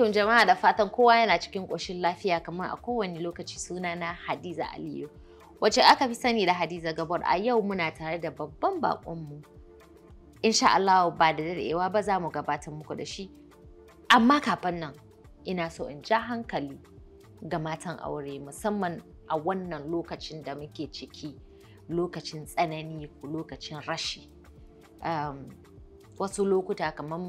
alaikum jama'a da fatan kowa yana cikin ƙoshin lafiya kamar a kowane lokaci suna na Hadiza Aliyu. Wace aka fi sani da Hadiza Gabar a yau muna tare da babban baƙonmu. Insha Allah ba da daɗewa ba za mu gabatar muku da shi. Amma kafin nan ina so in ja hankali ga matan aure musamman a wannan lokacin da muke ciki lokacin tsanani ko lokacin rashi. Um, wasu lokuta kamar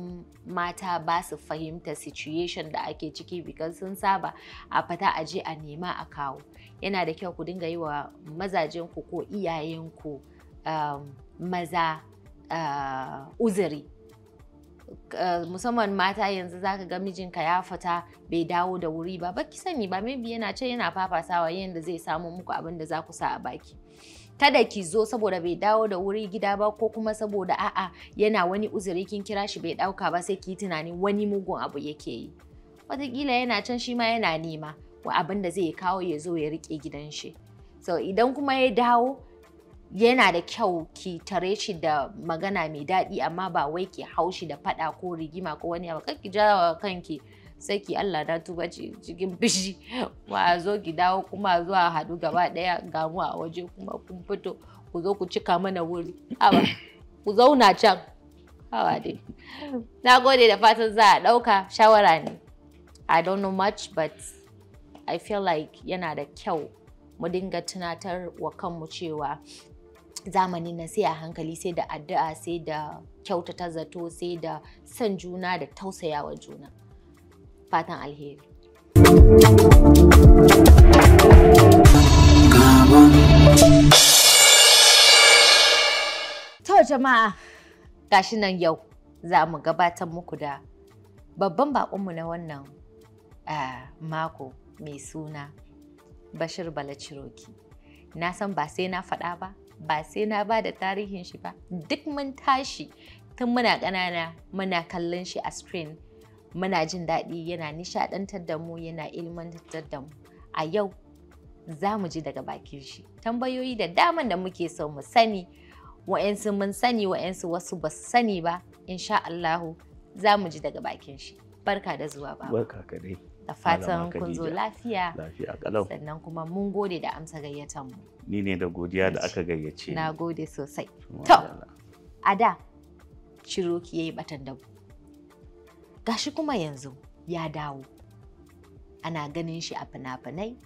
mata ba su fahimta situation da ake ciki because sun saba a fata a je a nema a kawo yana da kyau ku dinga yi wa mazajenku ko iyayenku um, maza uh, uzuri uh, musamman mata yanzu zaka ga mijinka ya fita bai dawo da wuri ba baki sani ba maybe yana ce yana fafasawa yadda zai samu muku abin da za ku sa a baki kada ki zo saboda bai dawo da wuri gida ba ko kuma saboda a'a yana wani uzuri kin kira shi bai dauka ba sai ki tunanin wani mugun abu yake yi wataƙila yana can shi ma yana nema wa abin da zai kawo ya zo ya rike gidan shi so idan kuma ya dawo yana da kyau ki tare shi da magana mai daɗi amma ba wai ki haushi da faɗa ko rigima ko wani abu ki jawa kanki saki Allah na tuba cikin bishi a zo ki dawo kuma zuwa haɗu gaba ɗaya ga a waje kuma kun fito ku zo ku cika mana wuri awa ku zauna can awa dai na gode da fatan za a ɗauka shawara ne I don't know much but I feel like yana da kyau mu dinga tunatar wa kanmu cewa zamanin na sai a hankali sai da addu'a sai da kyautata zato sai da son juna da tausayawa juna. fatan alheri To jama'a gashi nan yau za mu gabatar muku da babban baƙonmu na wannan eh, mako mai suna Bashir Bala Balaciroki. Na san ba sai na faɗa ba, ba sai na ba da tarihin shi ba, duk mun tashi tun muna ƙanana muna kallon shi a screen muna jin daɗi yana nishaɗantar da mu yana ilmantar da mu a yau za mu ji daga bakin shi tambayoyi da daman da muke so mu sani wa'yansu mun sani wa'yansu wasu ba su sani ba insha Allahu za mu ji daga bakin shi barka da zuwa ba barka ka dai da fatan kun zo lafiya lafiya kalau sannan kuma mun gode da amsa gayyatan mu ni ne da godiya da aka gayyace na gode sosai to a da ciroki yayi batan dabu gashi kuma yanzu ya dawo ana ganin shi a fina-finai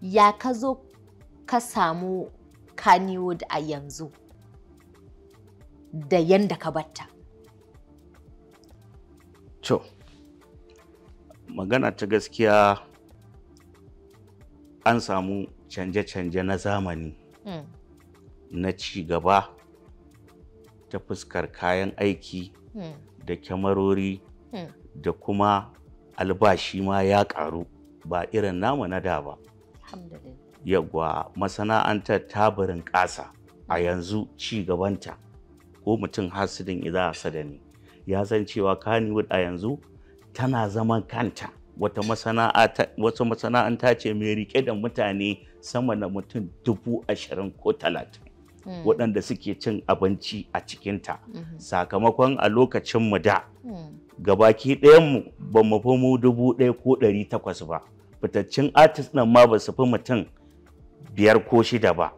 ya ka zo ka samu kaniwood a yanzu da yanda ka batta to magana ta gaskiya an samu canje-canje na zamani hmm. na ci gaba ta fuskar kayan aiki hmm. da kyamarori hmm. da kuma albashi ma ya ƙaru ba irin namu na da ba yagwa masana'antar tabarin ƙasa a hmm. yanzu ci gabanta ko mutum hasidin idan a sadani ya san cewa kaniwood a yanzu tana zaman kanta wata masana'anta ce mai rike da mutane sama da mutum dubu ashirin ko talatin Mm. waɗanda suke cin abinci a cikinta mm-hmm. sakamakon a lokacin mu da mm. gabaki ɗayanmu ba mu fi mu dubu ɗaya ko ɗari takwas ba fitaccen artist nan ma ba su fi mutum biyar ko shida ba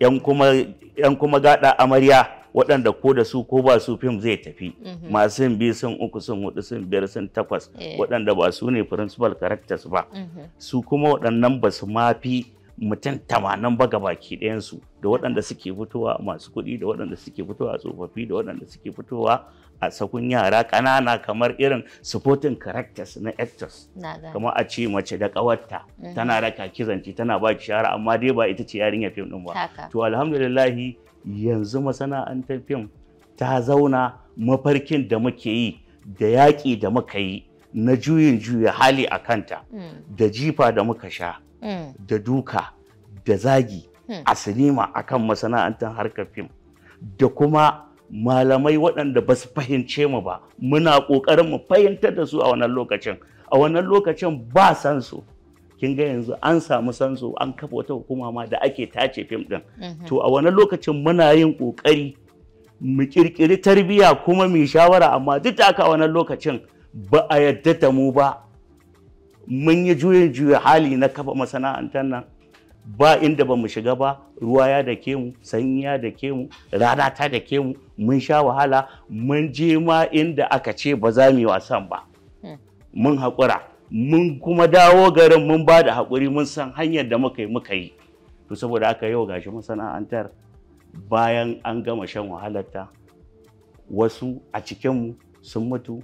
yan kuma gaɗa amarya waɗanda ko da su ko ba su fim zai tafi mm-hmm. masu yin biyu sun uku sun hudu sun biyar sun takwas eh. waɗanda ba su ne principal characters ba mm-hmm. su kuma waɗannan ba su ma mutum tamanin ba ga baki ɗayansu da waɗanda suke fitowa masu kuɗi da waɗanda suke fitowa tsofaffi da waɗanda suke fitowa a sakun yara ƙanana kamar irin supporting characters na actors kamar a ce mace da ƙawarta mhm. tana raka kizanci tana ba ki shara amma dai ba ita ce yarinya fim ɗin ba to alhamdulillahi yanzu masana'antar fim ta zauna mafarkin da muke yi da yaƙi da muka yi na juyin juya hali a kanta mm. da jifa da muka sha da duka da zagi hmm. a sinima akan masana'antar harkar fim da kuma malamai waɗanda ba su fahimce mu ba muna ƙoƙarin mu fahimtar da su a wannan lokacin a wannan lokacin ba san su kin ga yanzu an samu san sanso an kafa wata hukuma ma da ake tace fim din hmm. to a wannan lokacin muna yin ƙoƙari, mu kirkiri tarbiyya kuma mu shawara amma duk da aka a lokacin ba a yadda da mu ba mun yi juyin juya hali na kafa masana'antar nan ba inda ba mu shiga ba ruwa ya da ke mu sanyi ya da ke mu rana ta da ke mu mun sha wahala mun je ma inda aka ce ba za mu yi wasan ba hmm. mun haƙura mun kuma dawo garin mun ba da haƙuri mun san hanyar da muka yi muka yi to saboda aka yau gashi masana'antar bayan an gama shan wahalarta wasu a cikinmu sun mutu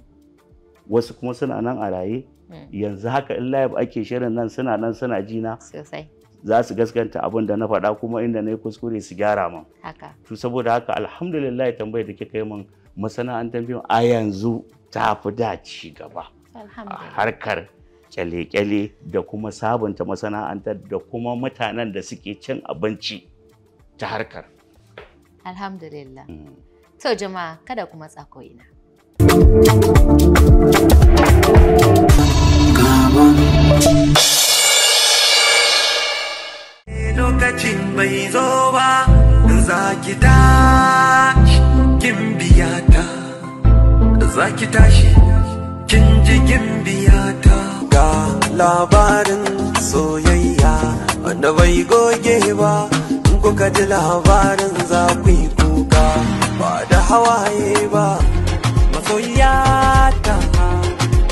wasu kuma suna nan a raye Mm. yanzu haka in live ake shirin nan suna nan suna jina sosai za su gaskanta abin da na faɗa kuma inda na yi kuskure su gyara min haka to saboda haka alhamdulillah tambayi da kika yi min masana'antar biyu a yanzu ta fi da ci gaba harkar kyale-kyale da kuma sabunta masana'antar da kuma mutanen da suke cin abinci ta harkar alhamdulillah mm. to jama'a kada kuma matsa ko'ina. thank you lokacin bai zo ba ki tashi kin biya ta tashi kin ji kin biya ta ga labarin soyayya wanda bai goge ba in kuka ji labarin za ku yi kuka ba da hawaye ba masoyiya ta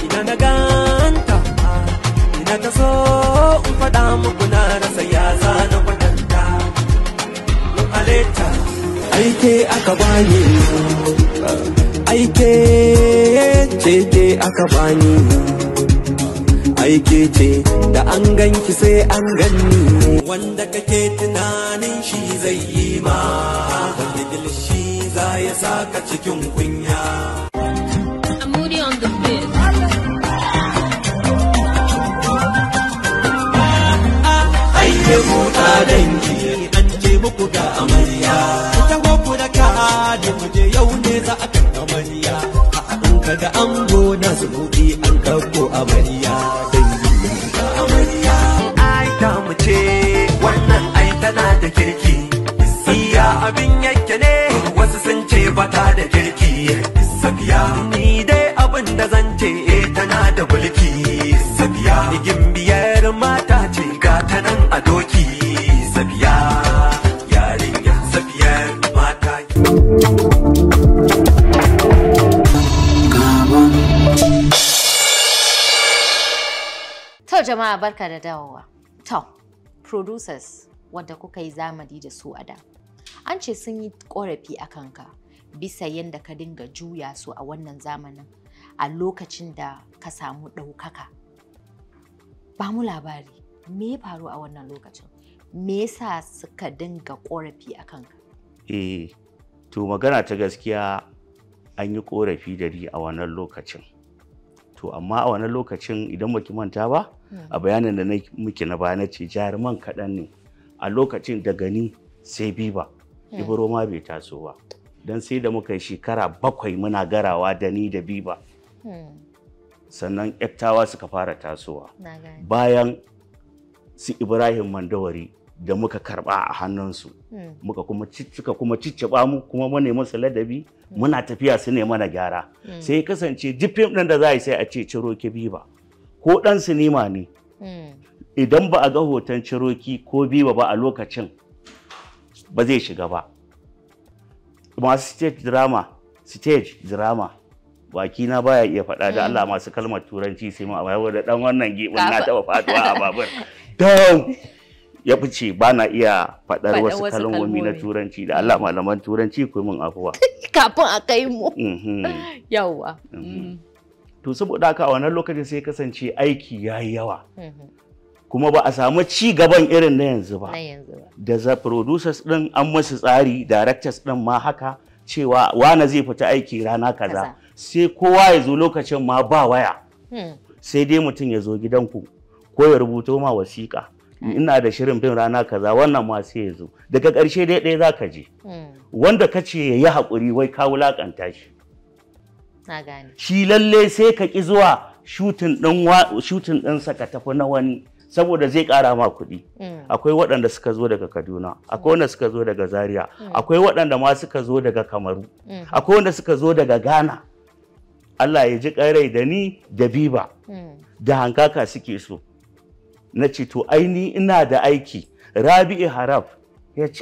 ina na ganta ina ta so in faɗa muku na ke aka bani aike ce ke aka bani aike ce da an ganki sai an ganni wanda kake tunanin shi zai yi ma shi za ya saka cikin kunya Aike buɗa danki an ce muku da amarya za a kan amarya a an ka ga ango na zubuɗi an ɗauko amarya dangi ga mu ce wannan ai da kirki iya abin yake ne wasu sun ce bata da kirki safiya ni dai abin da zan ce eh, tana da bulki safiya igin biyar mata Jama'a barka da dawowa. To, producers wanda kuka yi zamani da su a da. An ce sun yi ƙorafi a kanka bisa yadda ka dinga juya su a wannan zamanin a lokacin da ka samu ɗaukaka. Ba mu labari, me ya faru a wannan lokacin? Me yasa suka dinga korafi a kanka? Eh, to magana ta gaskiya an yi korafi da ni a wannan lokacin. To, amma a wannan lokacin idan baki manta ba, a bayanin da na muke na baya na ce jaruman kaɗan ne a lokacin da gani sai biba hmm. ibro ma bai taso ba don sai da muka yi shekara bakwai muna garawa da ni da biba hmm. sannan ektawa suka fara tasowa bayan su ibrahim mandawari da muka karba a hannunsu hmm. muka kuma cicika kuma cicciba mu kuma mu nemi su ladabi muna tafiya su ne mana gyara sai kasance duk fim da za a yi sai a ce ciro ki biba ko ɗan sinima ne hmm. idan ba a ga hoton ciroki ko biba ba a lokacin ba zai shiga ba masu stage drama stage drama baki na baya iya faɗa da hmm. Allah masu kalmar turanci sai ma. a da dan wannan gibin na taba faduwa a babur down ya fice ba na iya faɗar wasu kalmomi na turanci da Allah malaman turanci ku min afuwa kafin a kai mu mhm. yawwa mhm. hmm. to saboda haka a wannan lokacin sai kasance aiki ya yi yawa mhm. kuma ba a samu ci gaban irin na yanzu ba da za producers din an masu tsari directors din ma haka cewa wane zai fita aiki rana kaza sai kowa ya zo lokacin ma ba waya hmm. sai dai mutum ya zo gidanku ko ya rubuto ma wasiƙa ina da shirin bin rana kaza wannan ma sai ya zo daga karshe dai ɗaya za ka je hmm. wanda ka ce ya yi haƙuri wai ka wulaƙanta shi shi lalle sai ka ki zuwa shutin ɗan saka tafi na wani saboda zai ƙara ma kuɗi mm. akwai waɗanda suka zo daga kaduna akwai wanda suka zo daga zaria mm. akwai waɗanda ma suka zo daga kamaru mm. akwai wanda suka zo daga ghana allah ya ji ƙarai da ni da biba da hankaka suke so na ce to aini ina da aiki rabi'i harab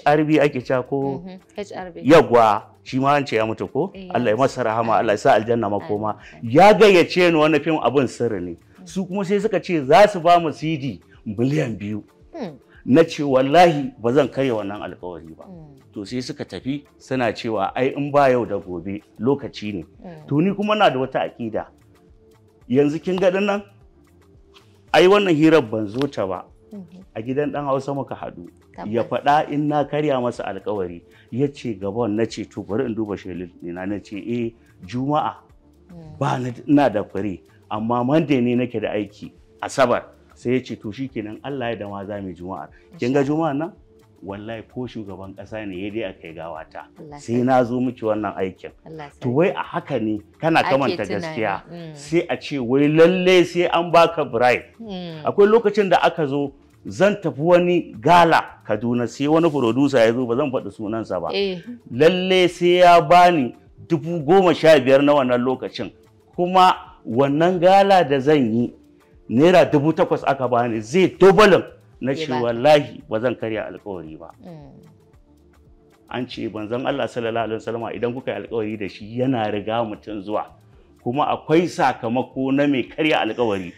hrb ake cako. ko mm-hmm. yagwa shi ma an ce ya mutu ko eh, Allah ya masa rahama Allah ya sa aljanna makoma ya gayyace ni wani fim abin sirri ne su kuma sai suka ce za su ba mu CD miliyan biyu hmm. na ce wallahi ba zan karya wannan alkawari ba hmm. to sai suka tafi suna cewa ai in ba yau da gobe lokaci ne hmm. to ni kuma na da wata akida yanzu kin ga nan ai wannan hirar ban zo ta ba a gidan ɗan hausa muka haɗu ya faɗa in na karya masa alkawari ya ce gabon na ce to bari in duba shelin Ina na ce eh juma'a hmm. ba na da fari amma mande ne nake da aiki asabar sai ya ce to kenan Allah ya dama za mu juma'a kin ga juma'a nan wallahi ko shugaban ƙasa ne ya dai aka yi gawata sai na zo miki wannan aikin to wai a haka ne kana kamanta gaskiya hmm. sai a ce wai lalle sai an baka bride hmm. akwai lokacin da aka zo zan tafi wani gala kaduna sai wani furodusa ya zo ba zan faɗi sunansa ba eh. lalle sai ya bani dubu goma sha biyar na wannan lokacin kuma wannan gala da zan yi naira dubu takwas aka bani zai dubalin na ce wallahi ba zan karya alkawari ba mm. an ce banzan Allah sallallahu alaihi wasallam idan kuka yi alkawari da shi yana riga mutum zuwa kuma akwai sakamako na mai karya alkawari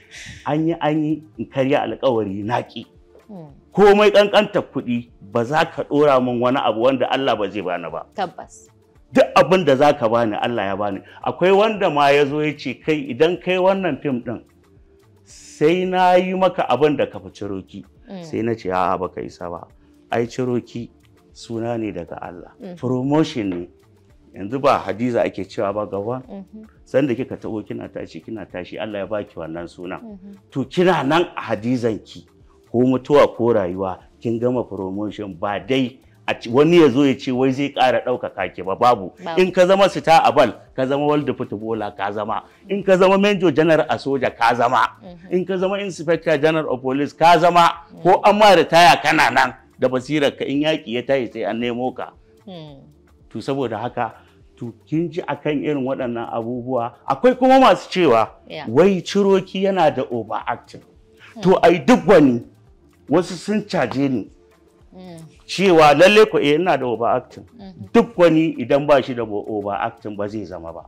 an yi an yi karya alkawari naƙi komai ƙanƙantar kuɗi ba za ka ɗora min wani abu wanda Allah ba zai bani ba. Tabbas. Duk abin da za ka bani Allah ya bani. Akwai wanda ma ya zo ya ce kai idan kai wannan fim ɗin sai na yi maka abin da ka fi ciroki. Mm. Sai na ce a'a baka isa ba. Ai ciroki suna ne daga Allah. Mm. Promotion ne. yanzu ba hadiza ake cewa ba gaba mm-hmm. sanda kika taɓo kina tashi kina tashi Allah ya baki wannan suna mm-hmm. to kina nan a hadizan ki ko mutuwa ko rayuwa kin gama promotion ba dai wani ya zo ya ce wai zai ƙara ɗaukaka ki ba babu in ka zama sita a bal ka zama world footballer ka zama in ka zama major general a soja ka zama mhm. in ka zama inspector general of police ka zama ko mhm. an ma ritaya kana nan da basirar ka in yaƙi ya tayi sai an nemo ka hmm. to saboda haka to kin ji akan irin waɗannan abubuwa akwai kuma masu cewa wai ciroki yana da overacting hmm. to ai duk wani wasu sun caje ni cewa lalle ku eh, ina da acting. Mhm. duk wani idan ba shi da acting ba zai zama ba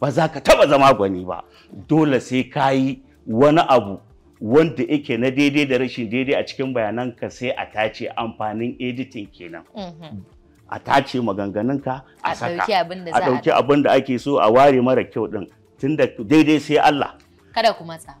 ba za ka taba zama gwani ba dole sai ka yi wani abu wanda yake na daidai da rashin daidai a cikin bayananka sai a tace amfanin editing kenan mhm. a tace maganganunka a saka a ɗauki abin da ake so a ware mara kyau ɗin tunda daidai sai Allah kada ku matsa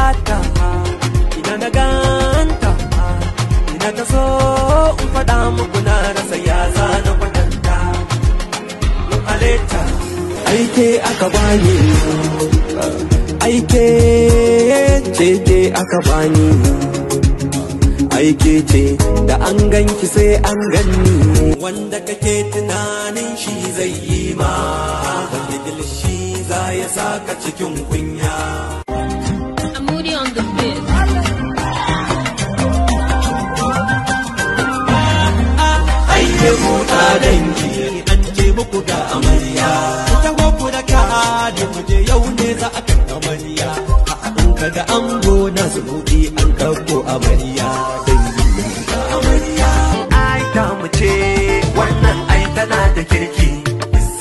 duniya ta so in faɗa muku na rasa ya zana kwatanta mun halitta aike aka bani aike ce ke aka bani aike ce da an ganki sai an ganni wanda kake tunanin shi zai yi ma shi za ya saka cikin kunya ke buɗa dangi an ce muku ga amarya ku taho ku da kaɗe mu je yau ne za a kan amarya a ka da ango na zubuɗi an kanko amarya dangi ga amarya ai ta mu ce wannan ai tana da kirki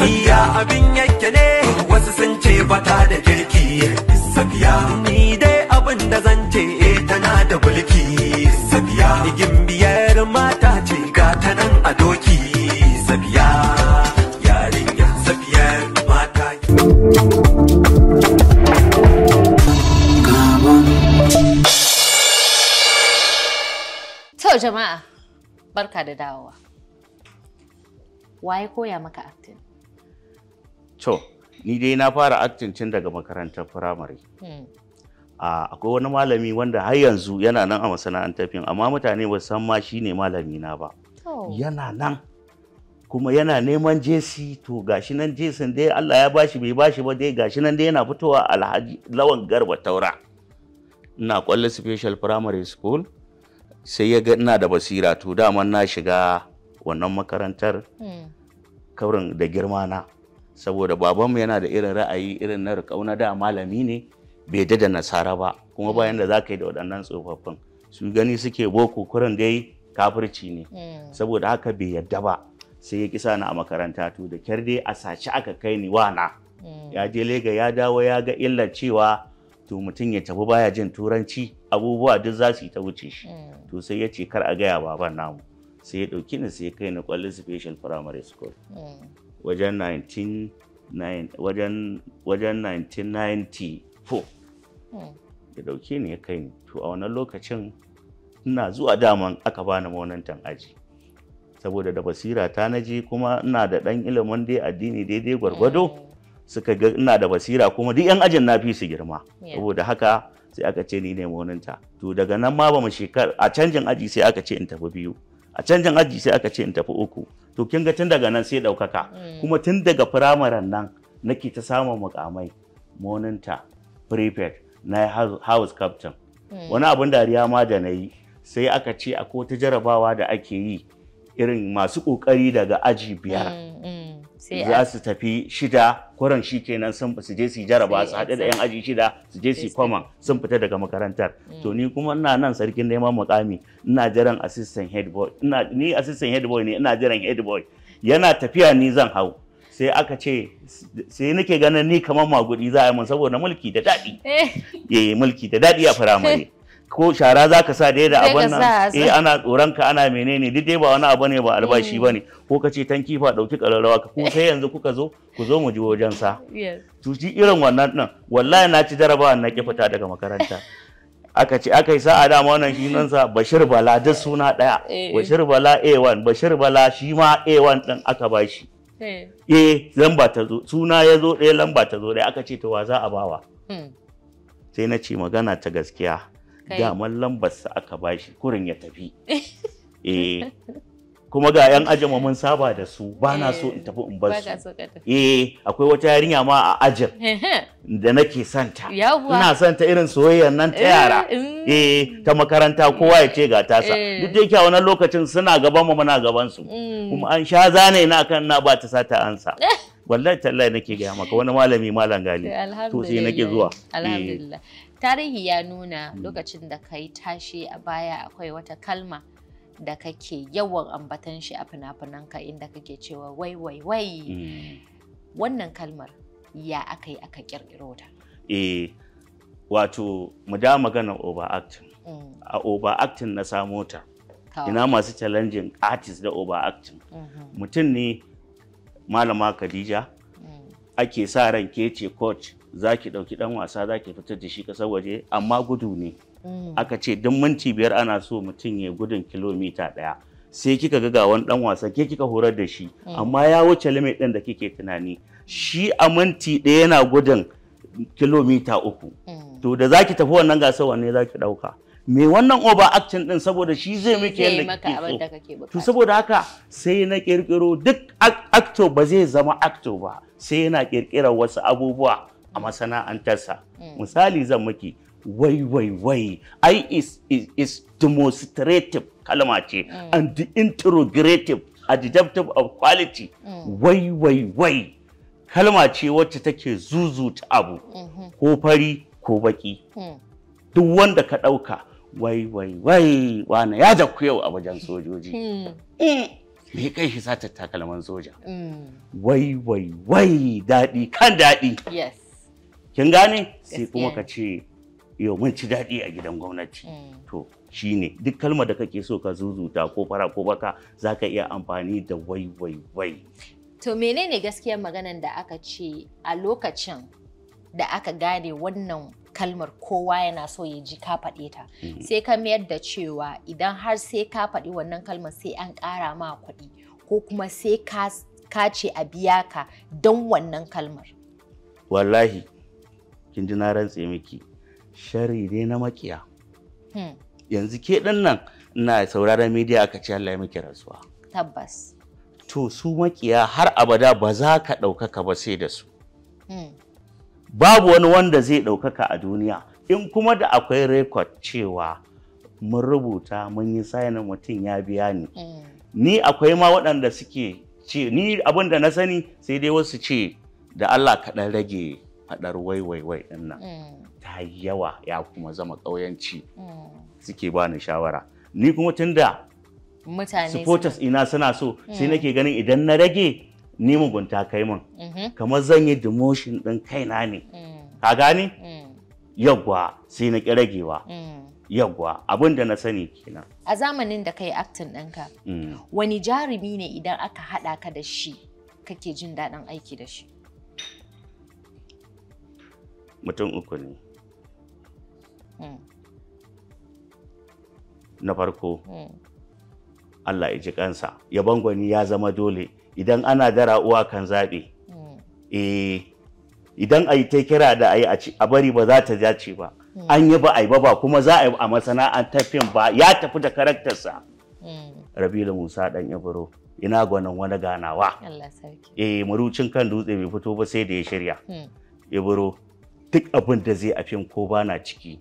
iya abin yake ne wasu sun ce ta da kirki safiya ni dai abin da zan ce tana da bulki safiya gimbiyar mata jama'a, barka da dawowa. Waye koya maka acting? To, ni dai na fara acting tun daga makarantar firamare. Hmm. Akwai wani malami wanda har yanzu yana nan a masana'antar fim, amma mutane ba san ma shi ne malami na ba. Yana nan. kuma yana neman jesi to gashi nan jesin dai Allah ya bashi bai bashi ba dai gashi nan dai yana fitowa alhaji lawan garba taura ina kwalli special primary school sai ya ga ina da basira to dama na shiga wannan makarantar hmm. kaurin da girma na saboda babanmu yana da irin ra'ayi irin na rikauna da malami ne bai da nasara ba kuma bayan da za ka yi da waɗannan tsofaffin su gani suke boko kuran dai kafirci ne hmm. saboda haka bai yadda ba sai ya kisa na a makaranta to da kyar dai a saci aka kai ni wana hmm. ya je lega ya dawo ya ga illar cewa to mutum ya tafi baya jin turanci abubuwa duk za su yi ta wuce shi mm. to sai ya ce kar a gaya baban namu sai ya ɗauki ni sai ya kai ni kwallon special primary school mm. wajen 1994 mm. ya ɗauke ni ya kai ni to a wannan lokacin ina zuwa daman aka bani maunantan aji saboda da basira ta naje kuma ina da ɗan ilimin dai addini daidai gwargwado suka ga ina da basira kuma duk 'yan ajin na fi su girma saboda haka sai aka ce ni ne moninta to daga nan ma bamu shekar a canjin aji sai aka ce in tafi biyu a canjin aji sai aka ce in tafi uku to kin ga tun daga nan sai daukaka mm. kuma tun daga firamaren nan nake ta samun mukamai moninta prefect na house captain mm. wani abin dariya ma da na yi sai aka ce akwai wata jarabawa da ake yi irin masu kokari daga aji biyar mm, za su tafi shida kuran shi kenan sun su je su jaraba su haɗu da 'yan aji shida su je su kwama sun fita daga makarantar to hmm. ni kuma ina nan sarkin neman mukami ina jiran assistant head boy ni assistant head boy ne ina jiran head boy yana tafiya ni zan hau sai aka ce sai nake ganin ni kamar magudi za a yi mun saboda mulki da daɗi yi eh. eh, mulki da daɗi a firamare ko shara za ka sa dai da abin nan eh ana tsoron ka ana menene duk dai ba wani abu ne ba albashi eh. ba ne ko ka ce tanki fa dauki kararrawa ka ko sai yanzu kuka zo ku zo mu ji wajen sa to shi irin wannan nan wallahi na ci jarabawa na ki fita daga makaranta aka ce aka yi sa'a dama wannan shi nan sa Bashir Bala duk suna daya eh. Bashir Bala A1 Bashir Bala shi ma A1 din aka bashi eh. eh lamba ta zo suna ya zo ɗaya lamba ta zo ɗaya aka ce to wa za a bawa hmm. sai na ce magana ta gaskiya daman lambar sa aka bashi kurin ya tafi eh kuma ga yan ajama mun saba da su ba na so in tafi in bar eh, su eh akwai wata yarinya ma a ajin da nake santa ina santa irin soyayyar nan ta yara eh, mm. eh ta makaranta kowa ya ce ga tasa eh. duk da yake lokacin suna gaban mu muna gaban su mm. kuma an sha zane ina kan na ba ta sata ansa wallahi tallahi nake gaya maka wani malami malam gali to sai nake zuwa alhamdulillah tarihi ya nuna hmm. lokacin da ka yi tashi a baya akwai wata kalma da kake yawan ambatan shi a fina-finanka inda kake cewa wai wai wai hmm. wannan kalmar ya aka yi aka kirkiro ta eh, wato mu da magana overacting hmm. a overacting na samo ta ina masu challenging artist da overacting mm-hmm. mutum ne malama khadija mm. ake sa ran ke ce coach za ki ɗauki ɗan wasa za ki fitar da shi ƙasar waje amma gudu ne mm. aka ce duk minti biyar ana so mutum ya gudun kilomita ɗaya sai kika ga ga wani ɗan wasa ke kika horar da shi mm. amma ya wuce limit ɗin da kike tunani shi a minti ɗaya yana gudun kilomita uku mm. to da za tafi wannan gasar wanne za ki ɗauka me wannan over action din saboda shi zai muke yadda kake so to saboda haka sai na kirkiro duk actor ba zai zama actor ba sai yana ƙirƙirar wasu abubuwa a masana'antarsa misali zan maki wai wai wai i is, is, is demonstrative kalma ce and the interrogative adjective of quality wai wai wai kalma ce wacce take zuzu ta abu ko fari ko baki duk wanda ka ɗauka wai wai wai wane ya jakku yau a wajen sojoji hmm. mm. me kai shi sata takalman soja hmm. wai wai wai daɗi kan daɗi yes. kin gane sai kuma ka ce yau mun ci daɗi a gidan gwamnati mm. to shine duk kalmar da kake so ka zuzuta ko fara ko baka zaka iya amfani da wai wai wai to menene gaskiyar maganar da aka ce a lokacin da aka gane wannan kalmar kowa yana so ya ji ka faɗe ta mm. sai ka mayar da cewa idan har sai ka faɗi wannan kalmar sai an ƙara ma kuɗi ko kuma sai ka ce a biya ka don wannan kalmar wallahi kin ji na rantse miki shari ne na makiya hmm. yanzu ke din nan ina sauraron media aka ce Allah ya miki rasuwa tabbas to su makiya har abada ba za ka ɗaukaka ba sai da su hmm. babu wani wanda zai ɗaukaka a duniya in kuma da akwai rekod cewa mun rubuta mun yi sayanin mutum ya biya ni hmm. ni akwai ma waɗanda suke ce ni abin da na sani sai dai wasu ce da Allah kaɗan rage wai-wai-wai din nan mm. ta yawa ya kuma zama ƙauyanci mm. suke ba ni shawara ni kuma tun da supporters ina suna so sai mm. nake ganin idan na rage ni mugunta kai min mm-hmm. kamar zan yi demotion ɗin kaina ne ka gani yagwa sai na ƙi ragewa yagwa abin na sani kenan a zamanin da kai aktin ɗinka wani jarumi ne idan aka haɗa ka da shi kake jin daɗin aiki da shi mutum uku ne hmm. na farko hmm. Allah ya ji kansa yabon gwani ya zama dole idan ana dara uwa kan zaɓe hmm. eh, idan a yi ta kira da a yi a bari ba za ta dace ba an yi ba a yi ba ba kuma za a yi a masana'antafin fim ba ya tafi da karaktarsa rabilu musa ɗan ibro ina gwanin wani ganawa eh marucin kan dutse bai fito ba sai da ya shirya ibro duk abin da zai a fim ko bana ciki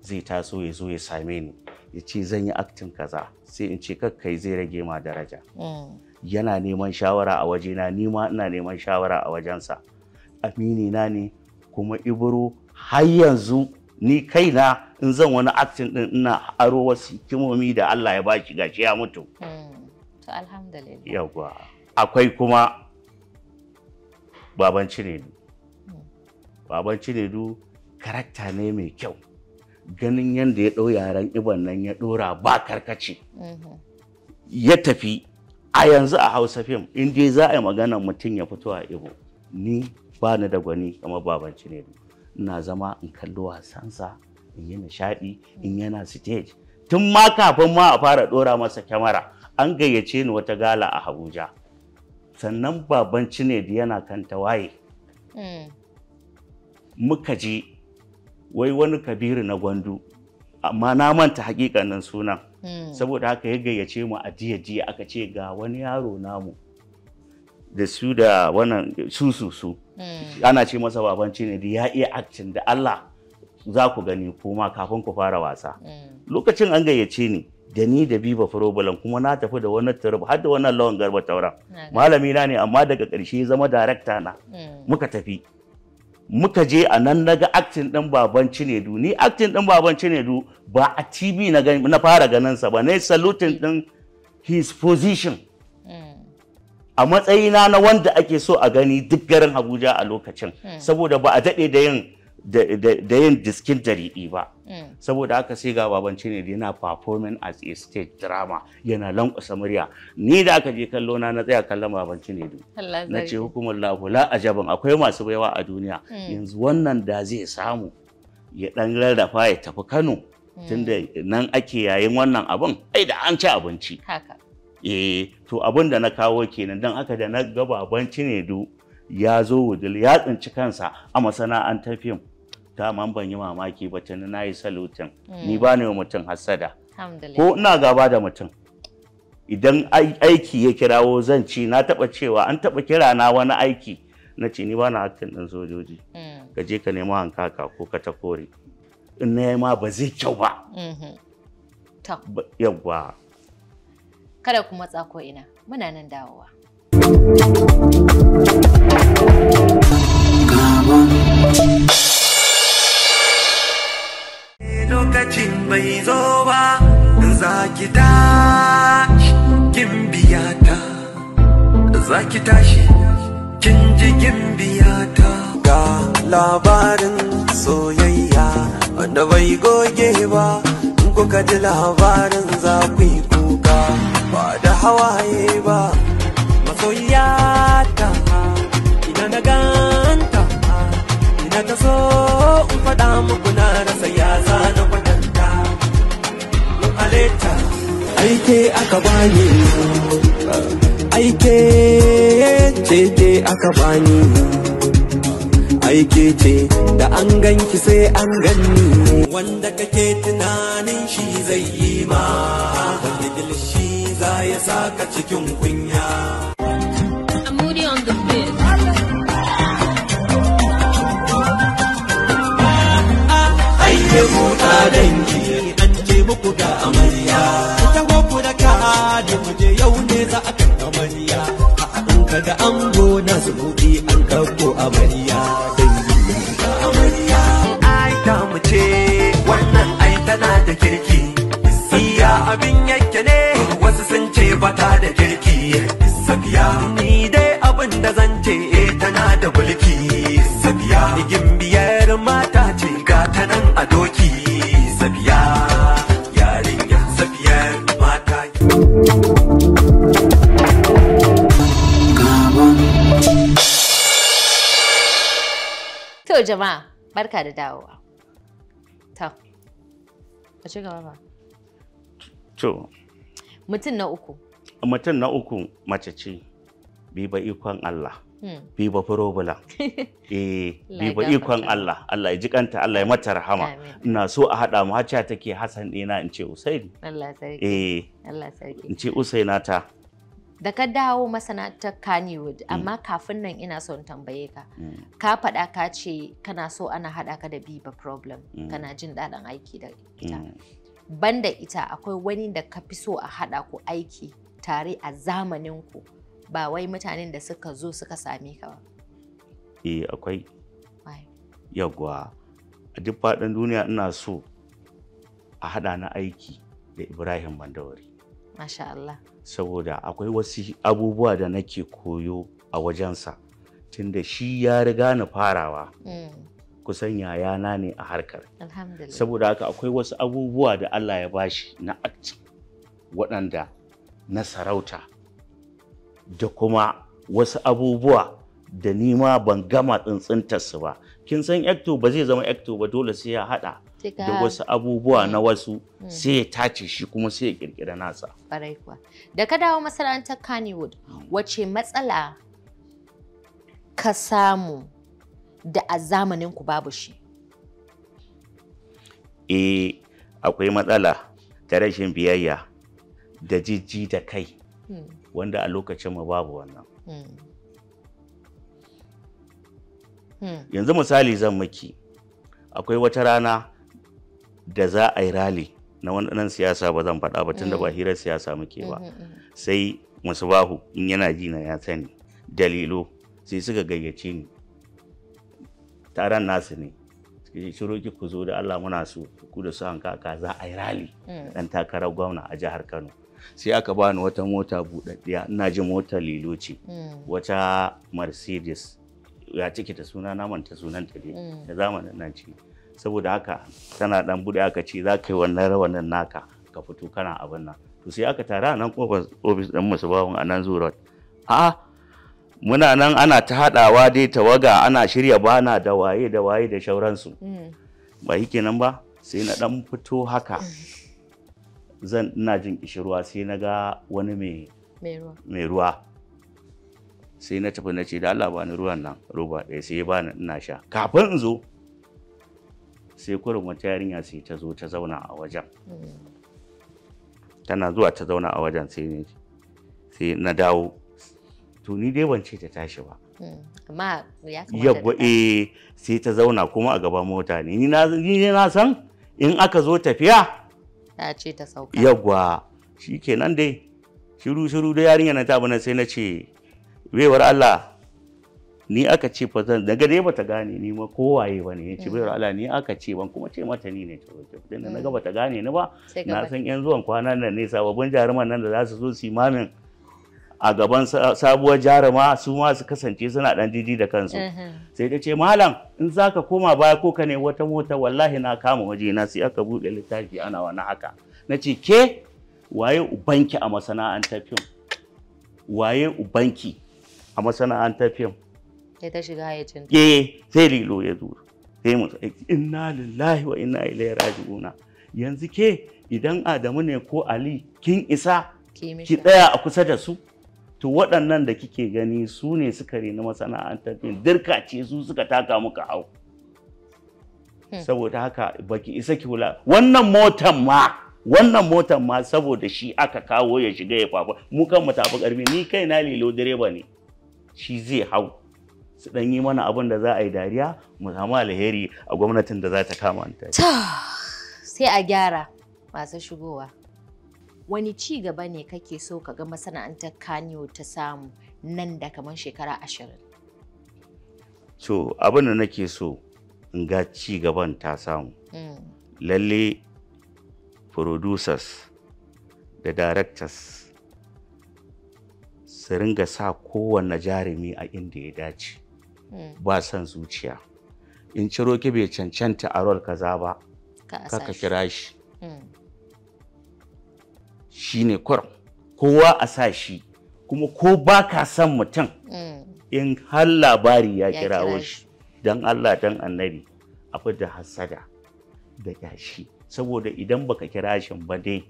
zai taso ya zo ya same ni ya ce zan yi aktin kaza sai in ce kakkai zai rage ma daraja mm. yana neman shawara a wajena ni ma ina neman shawara a wajensa amini na ne kuma ibro har yanzu ni kaina in zan wani aktin din ina aro wasu hikimomi da Allah ya baki gashi ya mutu mm. to alhamdulillah akwai kuma baban cire ni baban cinedu karakta ne mai kyau ganin yadda ya ɗau yaren iban nan ya ɗora ba karkace mhm. ya tafi a yanzu a hausa fim in dai za a yi magana mutum ya fito a ibo ni ba ni da gwani kamar baban cinedu ina zama in kalli wasansa in yi nishaɗi in yana stage tun ma kafin ma a fara ɗora masa kyamara an gayyace ni wata gala a Abuja sannan baban Cinedu yana kan tawaye mm. muka je. wai wani kabiru na gwandu amma na manta hakikanin sunan hmm. saboda haka ya gayyace mu a jiya jiya aka ce ga wani yaro namu da su da wannan su su su hmm. ana ce masa babanci ne da ya iya actin da Allah za ku gani kuma kafin ku fara wasa hmm. lokacin an gayyace ni da ni da biba furobulan kuma na tafi da wani turub har da wannan lawan garba tauran malami na ne amma daga ƙarshe zama darakta na muka tafi muka je a nan naga actin ɗin baban Cinedu ni actin ɗin baban Cinedu ba a TV na na fara ganin sa ba na salutin ɗin his position hmm. a matsayina na wanda ake so a gani duk garin Abuja a lokacin hmm. saboda ba a daɗe da yin da yin diskin jari'i ba saboda aka sai ga baban ne yana performing as a stage drama yana lankwasa murya ni da aka je kallo na na tsaya kallon baban ne na ce hukumar lafu la ajaban akwai masu baiwa a duniya hmm. yanzu wannan da zai samu ya dan rarrafa ya tafi Kano hmm. tunda nan ake yayin wannan abin ai da an ci abinci eh to abin da na kawo kenan dan haka da na ga baban Cinedu ya zo wudil ya tsinci kansa a masana'antar fim dama ban yi mamaki ba tuni na yi salutin mm. ni ba ne mutum hassada ko ina gaba da mutum idan aiki ya kirawo zan ci na taba cewa an taba kira na wani aiki na ce ni ba na ɗin sojoji mm. ka je ka nemi hankaka ko ka ta kore in na ma ba zai kyau ba mm-hmm. yawwa kada ku matsa ko ina muna nan dawowa Thank you. lokacin bai zo ba za ki tashi kin biya za ki tashi kin ji kin biya ta ga labarin soyayya wanda bai goge ba in kuka ji labarin za ku yi kuka ba da hawaye ba masoyiya ta ina na ganta ina ta so in faɗa muku na aike aka bani aike ce aka bani aike ce da an ganki sai an ganni wanda kake tunanin shi zai yi ma wanda shi za ya saka cikin kunya Aike ta dangi an ce muku ga amarya kada ango na zubuɗi an ɗauko amarya jama'a, barka da dawowa. ta a ci gaba ba. To. Mutum na uku. Mutum na uku mace ce, biba ikon Allah. Hmm. Biba furobula. Eh, biba ikon Allah. Allah ya ji kanta, Allah ya mata rahama. Ina so a haɗa mu hacca take Hassan ɗina in ce Usaini. Allah sarki. Eh. Allah sarki. In ce Usainata. ta. da ka dawo masana'antar Kannywood mm. amma kafin nan ina son tambaye ka mm. ka faɗa ka ce kana so ana haɗa ka da Biba problem mm. kana jin daɗin aiki da ita banda ita akwai wani da ka fi so a haɗa ku aiki tare a zamanin ku ba wai mutanen da suka zo suka same ka ba eh akwai yagwa a duk faɗin duniya ina so a haɗa na aiki da Ibrahim Bandawari Masha Allah saboda akwai wasu abubuwa da nake koyo a wajensa tunda shi ya riga na farawa mm. kusan yayana ne a harkar saboda haka akwai wasu abubuwa da Allah ya bashi na act waɗanda na sarauta da kuma wasu abubuwa da nima ban gama su ba kin san ecto ba zai zama ecto ba dole sai ya haɗa da wasu abubuwa na mm. wasu mm. sai ya tace shi kuma sai ya kirkira nasa. Barai kuwa. Da ka dawo masana'antar Kannywood, mm. wace matsala ka samu da a zamanin ku babu shi? Eh, akwai matsala ta rashin biyayya da jijji da kai, wanda a lokacin mu babu wannan. Yanzu misali zan maki, akwai wata rana da za a yi rali na wannan siyasa ba zan faɗa ba tunda ba eh. hirar siyasa muke ba mm, mm, mm. sai bahu in yana ji na ya sani dalilo sai suka gayyace ni taron nasu ne shiro ki ku zo da Allah muna so ku da su hankaka za a yi rali dan takarar gwamna a jihar Kano sai aka bani wata mota buɗaɗɗiya ina ji mota lilo ce wata mercedes ya cike ta suna na manta sunanta ne da zamanin nan ce saboda haka tana dan bude aka ce za ka yi wannan rawanin naka ka fito kana abin nan to sai aka tara nan ofis din musu bawon a nan zuwa a muna nan ana ta hadawa dai tawaga ana shirya bana da waye da waye da shauransu mm. ba yake nan ba sai na dan fito haka mm. zan ina jin kishirwa sai na ga wani mai ruwa sai na tafi na ce da Allah ba ni ruwan nan roba ɗaya sai ya bani ina sha kafin in zo sai kurin wata yarinya sai ta zo ta zauna a wajen hmm. tana zuwa ta zauna a wajen sai sai na dawo to ni dai ban ce ta tashi ba hmm. amma ya kamata eh sai ta zauna kuma a gaban mota ne ni na na san in aka zo tafiya ta ce ta sauka yagwa shikenan dai shiru shiru da yarinya na ta na sai na ce wewar Allah ni aka ce fa zan daga dai bata gane ni ma kowaye ba ne yace mm. bai Allah ni aka ce ban kuma ce mata ni ne to dan na ga mm. bata gane ni ba na san yan zuwan kwanan nan ne sababbin jaruman nan da za su zo su mamin a gaban sabuwar jaruma su ma su kasance suna dan didi da kansu mm-hmm. sai ta ce malam in zaka koma baya ko ka ne wata mota wallahi na kama waje na sai aka bude littafi ana wani haka na ce ke waye ubanki a masana'antar fim waye ubanki a masana'antar fim ya ta shiga hayacin eh sai lilo ya zo sai mu inna lillahi wa inna ilaihi raji'una yanzu ke idan Adamu ne ko Ali kin isa ki tsaya a kusa da su to waɗannan da kike gani su ne suka na masana'antar din dirka ce su suka taka muka hau hmm. saboda haka baki isa ki wula wannan motan ma wannan motan ma saboda shi aka kawo ya shiga ya fafa mu kan mu tafi karfi ni kaina lilo direba ne shi zai hau su dan yi mana abin da za a yi dariya mu samu alheri a gwamnatin da za ta kama ta sai a gyara masu shigowa wani ci gaba ne kake so ka ga masana'antar kaniyo ta samu nan da kamar shekara ashirin to abin da nake so in ga ci gaban ta samu hmm. lalle producers da directors su ringa sa kowanne jarumi a inda ya dace Hmm. ba son zuciya in ciro ki bai cancanta a rol kaza ba kaka kira shi hmm. shi ne kowa a sa shi kuma ko ba ka son mutum hmm. in har labari ya kirawo shi don allah don annabi abu da hasada da yashi saboda idan baka kira shi ba dai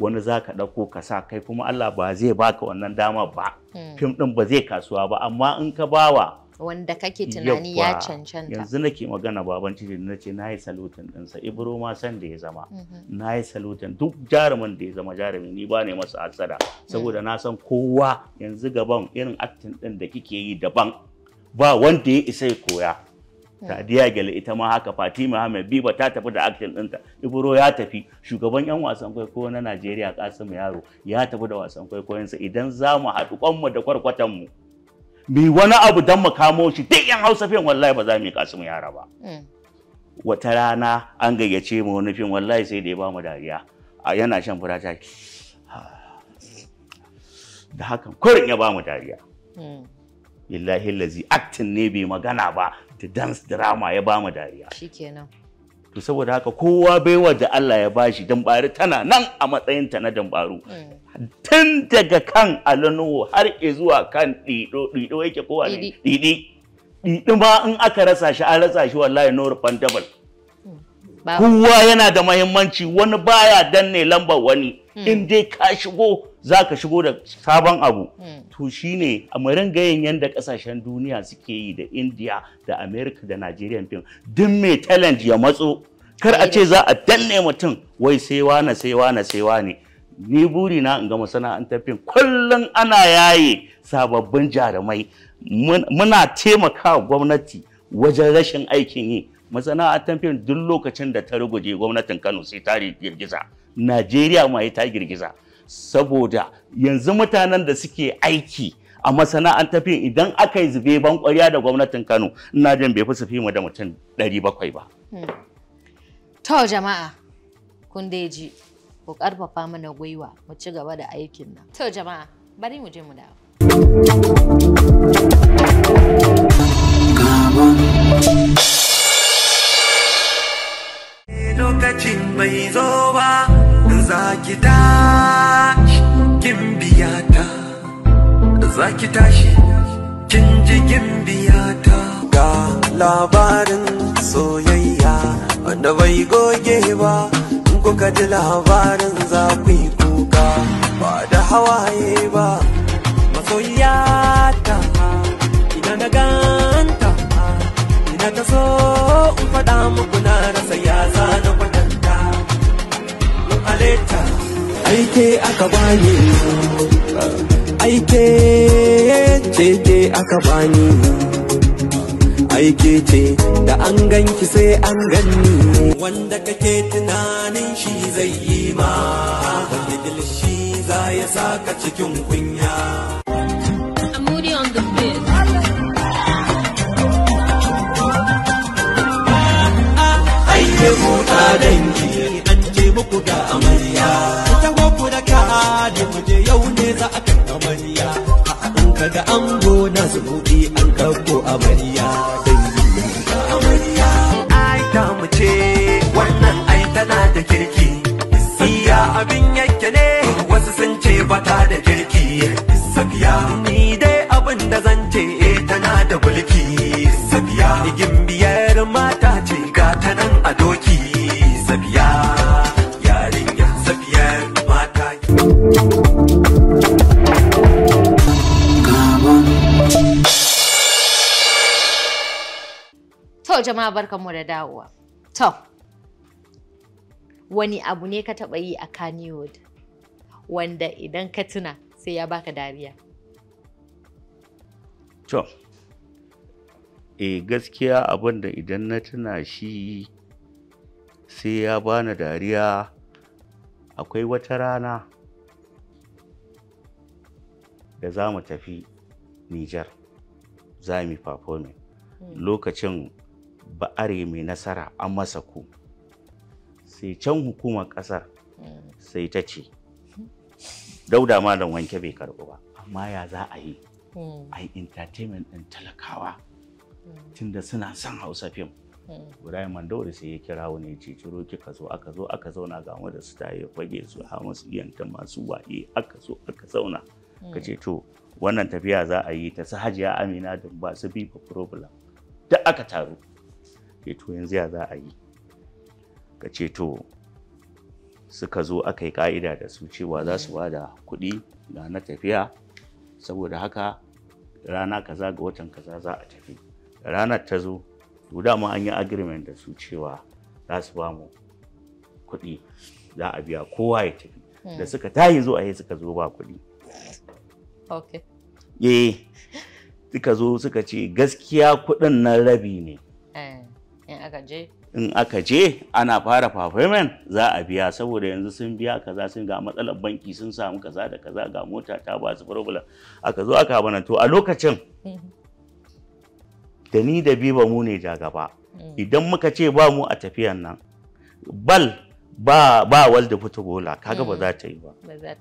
wani za ka ɗauko ka sa kai kuma allah ba zai baka wannan dama ba fim ɗin ba zai kasuwa ba amma in ka bawa wanda kake tunani ya cancanta yanzu nake magana baban titi na ce na yi salutin ɗinsa ibro ma san da ya zama mm-hmm. nayi salutin duk jarumin da ya zama jarumi ni ba ne masa hasada saboda mm. na san kowa yanzu gaban irin aktin ɗin da kike yi daban ba wanda ya isa ya koya mm. Sadiya Gale ita ma haka Fatima Ahmed Biba ta tafi da aktin ɗinta Ibro ya tafi shugaban yan wasan kwaikwayo na Najeriya Kasim Yaro ya tafi da wasan kwaikwayonsa idan za mu haɗu mu da kwarkwatan mu mi wani abu don mu kamo shi duk yan hausa fim wallahi ba za mu yi mu yara ba mm. wata rana an gayyace mu wani fim wallahi sai da ya bamu dariya a yana shan fura ta da hakan kurin ya bamu dariya mm. Illahi lazi aktin ne bai magana ba da dance drama ya bamu dariya shikenan to saboda haka kowa baiwa da Allah ya bashi dambari tana nan a matsayinta na dambaru mm. tun daga kan alanuwo har zuwa kan ɗiɗo ɗiɗo yake kowa ne ɗiɗi ɗiɗi ma in aka rasa shi an rasa shi wallahi no refundable kowa yana da mahimmanci wani baya danne lambar wani hmm. in dai ka shigo za ka shigo da sabon abu hmm. to ne a gayen yadda kasashen duniya suke yi da india da america da nigeria fim duk mai talent ya matso kar a ce za a danne mutum wai sai wane sai wane sai wane ni burina na in ga masana'antar fim kullum ana yaye sababbin jarumai muna taimaka gwamnati wajen rashin aikin yi masana'antar fim duk lokacin da ta ruguje gwamnatin kano sai ta girgiza najeriya ma ta girgiza saboda yanzu mutanen da suke aiki a masana'antar fim idan aka yi zube ban kwarya da gwamnatin kano ina jin bai fi su fi mu da mutum 700 ba. Hmm. to jama'a kun ji. ku karfafa mana gwiwa mu ci gaba da aikin nan. To jama'a bari mu je mu dawo. Lokacin bai zo ba za ki tashi kin biya za ki tashi kin ji kin ga labarin soyayya wanda bai goge ba kuka ji labarin za ku yi kuka ba da hawaye ba masoyiya ta ina na ganta ina ta so in faɗa muku na rasa ya zana na kwatanta mun halitta aike aka bani aike ce aka bani aike ce da an ganki sai an ganni wanda kake tunanin shi zai yi ma wanda shi za ya saka cikin kunya Aike mu ta dangi an ce muku da amarya ta ku da kaɗe mu yau ne za a kan amarya a an kaga ango na su an kakko amarya kirki iya abin yake ne wasu sun ce bata da kirki safiya ni dai abin da zan ce eh, tana da bulki safiya igin biyar mata ce ga ta nan a doki safiya yarinya safiyar mata To jama'a barkanmu da dawowa. To, wani abu ne ka taɓa yi a Kannywood wanda idan ka tuna sai ya baka dariya. To, e gaskiya abin da idan na tuna shi sai ya bani dariya akwai wata rana da za mu tafi Nijar za mu performing hmm. lokacin ba'are mai nasara an masa ku. sai can hukumar ƙasar hmm. sai ta ce dauda malam wanke bai karɓo ba amma ya za a yi hmm. a yi entertainment ɗin talakawa hmm. tunda suna son hausa fim Ibrahim Mandori sai ya kira wani ya ciro kika zo aka zo aka zauna ga da su yi fage su ha masu iyanta masu waye aka zo aka zauna ka ce to wannan tafiya za a yi ta su hajiya amina da ba su bi problem da aka taru ke to yanzu ya za a yi ka ce to suka zo aka yi ka'ida da su cewa za su bada kuɗi da na tafiya saboda haka rana kaza ga watan kaza za a tafi ranar ta zo to dama an yi agreement da su cewa za su ba mu kuɗi za a biya kowa ya tafi hmm. da suka tayi zo a yi suka zo ba kuɗi eh suka zo suka ce gaskiya kuɗin nan rabi ne eh. in aka je in aka je ana fara fafamen za a biya saboda yanzu sun biya kaza sun ga matsalar banki sun samu kaza da kaza ga mota ta ba su problem aka zo aka bana to a lokacin da ni da biba mu ne jagaba gaba mm. idan muka ce ba mu a tafiyan nan bal ba ba world kaga mm. ba za ta yi ba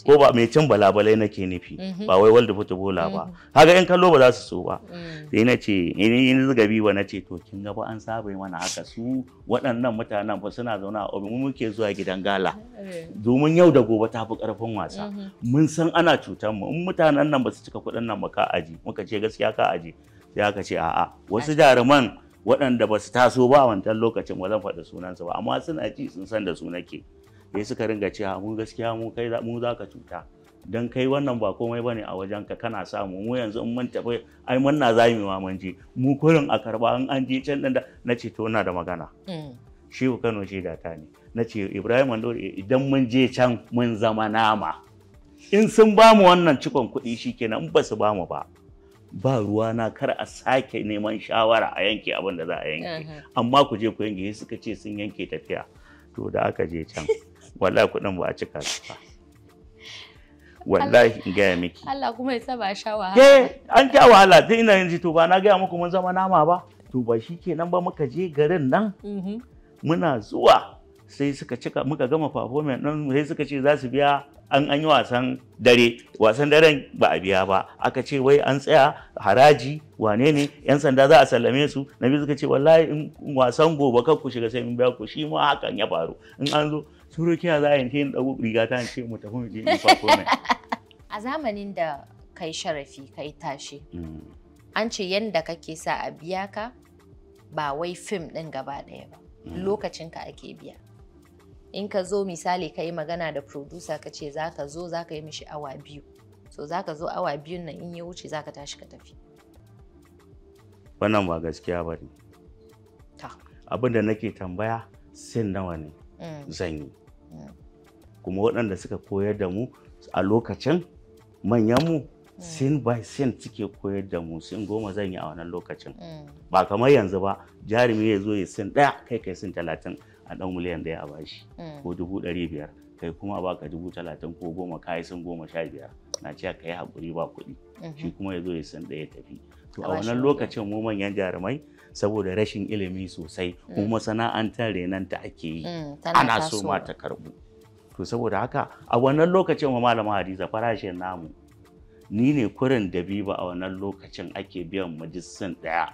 ko ba mai cin balabalai nake nufi mm-hmm. ba wai world footballer ba mm-hmm. kaga in kallo ba za su so ba mm. sai na ce in zuga biwa na ce to kin ga ba an saba yi mana haka su waɗannan mutanen ba suna zauna a obin muke zuwa gidan gala eh. domin yau da gobe ta fi karfin wasa mm-hmm. mun san ana cutar mu in mutanen nan ba su cika kuɗin nan ba ka aji muka ce gaskiya ka aji sai aka ce a'a wasu jaruman waɗanda ba su taso ba a wancan lokacin ba zan faɗi sunansa ba amma suna ji sun san da su nake sai suka ringa cewa mu gaskiya mu kai mu za ka cuta dan kai wannan ba komai bane a wajen ka kana samu mu yanzu in mun tafi ai na za mu mun je mu kurin a karba an an je can da na ce to na da magana mm. shi Kano shi da ta ne na ce Ibrahim Mandori idan mun je can mun zama nama in sun ba mu wannan cikon kuɗi shikenan in ba su ba mu ba ba ruwa na kar a sake neman shawara a yanke abin da za a yanke amma ku je ku yanke suka ce sun yanke tafiya to da aka je can wallahi kuɗin ba a cika su ba wallahi in gaya miki Allah kuma ya saba sha wahala eh an sha wahala sai ina yin to ba na gaya muku mun zama nama ba to ba shikenan ba muka je garin nan mhm. muna zuwa sai suka cika muka gama performance ɗin sai suka ce za su biya an an yi wasan dare wasan daren ba a biya ba aka ce wai an tsaya haraji wane ne yan sanda za a sallame su na biyu suka ce wallahi in wasan gobe kar ku shiga sai mun biya ku shi ma hakan ya faru in an zo surukiya za a yi yin dago riga ta ce mu tafi mu je in performance a zamanin da kai sharafi kai tashi mm. an ce yanda kake sa a biya ka ba wai fim ɗin gaba ɗaya ba mm. lokacin ka ake biya in ka zo misali ka yi magana da producer ka ce za ka zo za ka yi mishi awa biyu so za ka zo awa biyun nan in ya wuce za ka tashi ka tafi wannan ba gaskiya ba ne abin da nake tambaya sin nawa ne mm. zan yi mm. kuma waɗanda suka koyar da mu a lokacin manyanmu mm. sin by sin suke koyar da mu sin goma zan yi a wannan lokacin ba kamar yanzu ba jarumi ya zo ya sin ɗaya kai kai sin talatin a ɗan miliyan ɗaya a bashi mm. ko dubu ɗari biyar kai kuma a baka dubu talatin ko goma kayi san goma sha biyar na cewa ka yi haƙuri ba kuɗi mm-hmm. shi kuma ya zo ya san ɗaya tafi to a wannan lokacin mu manyan jarumai saboda rashin ilimi sosai mm. kuma sana'antar renan ta ake yi mm, ana so ma ta karɓu to saboda haka a wannan lokacin wa malama hadiza farashin namu ni ne kurin da biba a wannan lokacin ake biyan majisin ɗaya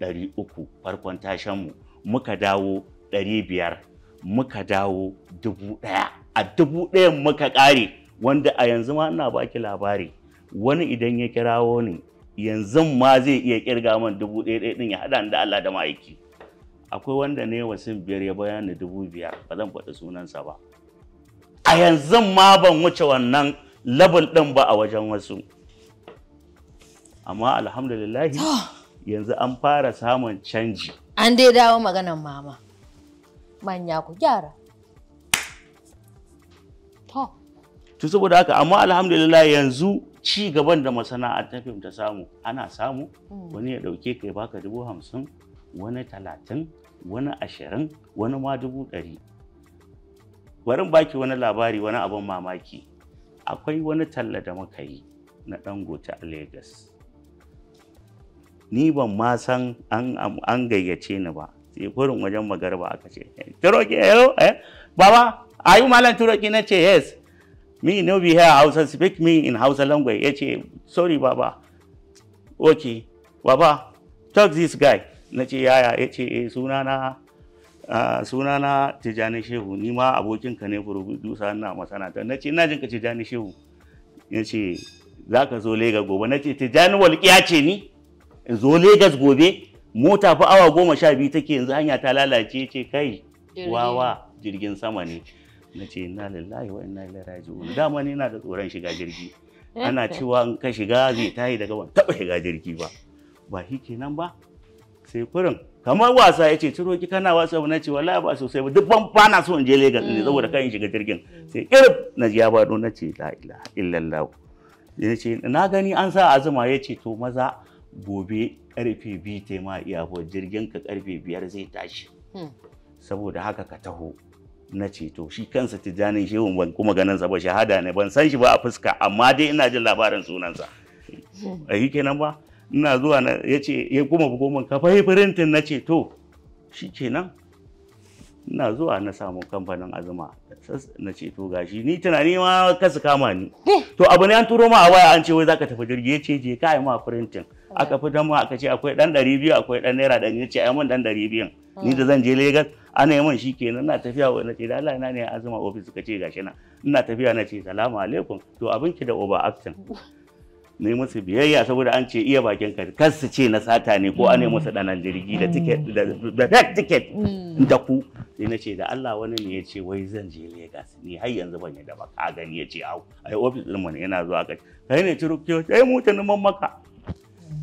ɗari uku farkon tashenmu muka dawo 500 muka dawo dubu ɗaya a dubu ɗayan muka ƙare wanda a yanzu ma ina baki labari wani idan ya kirawo ni yanzu ma zai iya kirga man dubu ɗaya ɗaya ɗin ya haɗa da Allah da ma'aiki akwai wanda ne wasin biyar ya bayani dubu biyar ba zan faɗi sunansa ba a yanzu ma ban wuce wannan level ɗin ba a wajen wasu amma alhamdulillahi yanzu an fara samun canji an dai dawo maganar mama manya ku gyara to to saboda haka amma alhamdulillah yanzu ci gaban da masana'antar fim ta samu ana samu hmm. wani ya dauke kai baka dubu hamsin wani talatin wani ashirin wani ma dubu ɗari bari baki wani labari wani abin mamaki akwai wani talla da muka yi na dangote a lagos ni ban ma san an gayyace ni ba sai kurin wajen magarba aka ce turoki hello eh baba are you malam turoki na ce yes me no be here hausa speak me in hausa language ya ce sorry baba okay baba talk this guy na ce yaya ya ce eh sunana ah, sunana tijani shehu ni ma abokinka ne producer na ta? na ce ina jinka tijani shehu ya ce za ka zo Lega gobe na ce tijani walƙiya ce ni zo Legas gobe mota fa awa goma sha biyu take yanzu hanya ta lalace ce kai wawa jirgin sama ne na ce na lillahi wa inna ilaihi raji'un dama ne na da tsoron shiga jirgi ana cewa in ka shiga zai tayi daga ban taba shiga jirgi ba ba shi kenan ba sai kurin kamar wasa ya ce ciro ki kana wasa na ce wallahi ba sosai ba duk ban fana so in je Lagos ne saboda mm. kan shiga jirgin sai irif na ji ya bado na ce la ilaha illallah ya ce na gani an sa azuma ya ce to maza gobe karfe biyu ta ma iya iyabo jirgin ka karfe biyar zai tashi hmm. saboda haka ka taho na ceto. shi kansa tijjanin shehun ban kuma ganin sa ba shahada ne ban san shi ba a fuska amma dai ina jin labarin sunansa hmm. a yi kenan ba ina zuwa na ya ce ya eh, kuma bugo min ka firintin na ceto? shi kenan ina zuwa na samu kamfanin azuma na ce to gashi ni tunani ma kasu kama ni to abu ne an turo ma a waya an ce wai zaka tafi jirgi yace je kai ma printing aka fitar mu aka ce akwai dan 200 akwai dan naira dan yace ai mun dan 200 ah. ni da zan je Lagos ana yi min shikenan ina tafiya na ce da Allah ina ne azuma office suka ce gashi na ina tafiya ce salamu alaikum to abinki da over acting ne musu biyayya saboda an ce iya bakin ka kar su ce na sata ne ko an musu danan jirgi da ticket mm. da da ticket mm. da ku sai na ce da Allah wani ne ya ce wai zan je Lagos ni har yanzu ban yadda ba ka gani ya ce au ai office din mu ne yana zuwa kai kai ne ciro kiyo sai mu ta neman maka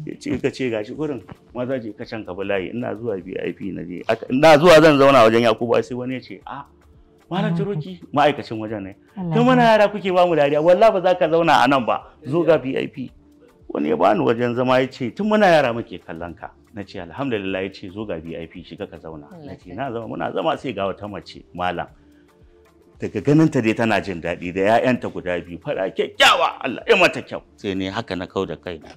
ya ce ka ce gashi gurin maza je ka can ka bala'i ina zuwa VIP na je ina zuwa zan zauna wajen Yakubu sai wani ya ce a ah, malam ciroki ah, ma'aikacin wajen ne tun muna yara kuke ba mu dariya wallahi ba za ka zauna a nan ba zo ga vip wani ya bani wajen zama ya ce tun muna yara muke kallon ka na ce alhamdulillah ya ce zo ga vip shiga ka zauna na ce na zama muna zama sai ga wata mace malam daga ganin ta dai tana jin daɗi da 'ya'yanta guda biyu fara kyakkyawa Allah ya mata kyau sai ne haka na kau da kaina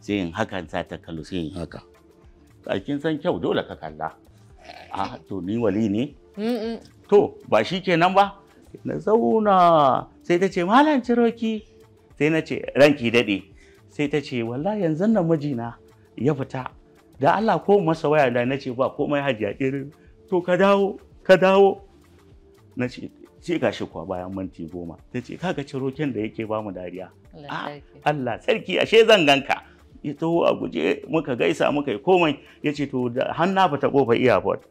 sai in haka za ta kallo sai in haka kin san kyau dole ka kalla a ah, to ni wali ne to ba shi kenan ba na zauna sai ta ce malam ciroki sai na ce ranki daɗe sai ta ce walla yanzu nan mijina ya fita da Allah ko masa waya da na ce ba komai hajiya irin to ka dawo ka dawo na ce ce ga shi kuwa bayan minti goma ta ce kaga cirokin da yake bamu dariya ah, Allah sarki ashe zan ganka ya taho a guje muka gaisa muka yi komai ya ce to da hannu fita kofa airport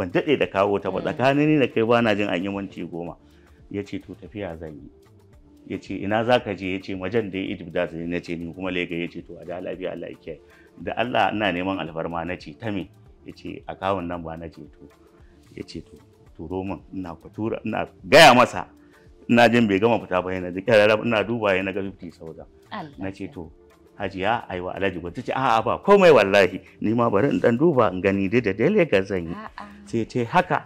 ban daɗe da kawo ta ba mm. tsakanin da kai ba na jin an yi minti goma ya ce to tafiya zan yi ya ce ina za ka je ya ce majan da ya idib da na ce ni kuma lega ya ce to a da lafiya Allah ya da Allah ina neman alfarma na ce ta me ya ce a kawun nan ba na ce to ya ce to turo min ina ku tura ina gaya masa ina jin bai gama fita ba yana ina duba yana ga 50 sauda na ce to hajiya ayiwa wa alhaji Wata ce a'a ba komai wallahi ni ma bari in dan duba in gani dai da dai ga zan yi sai ta haka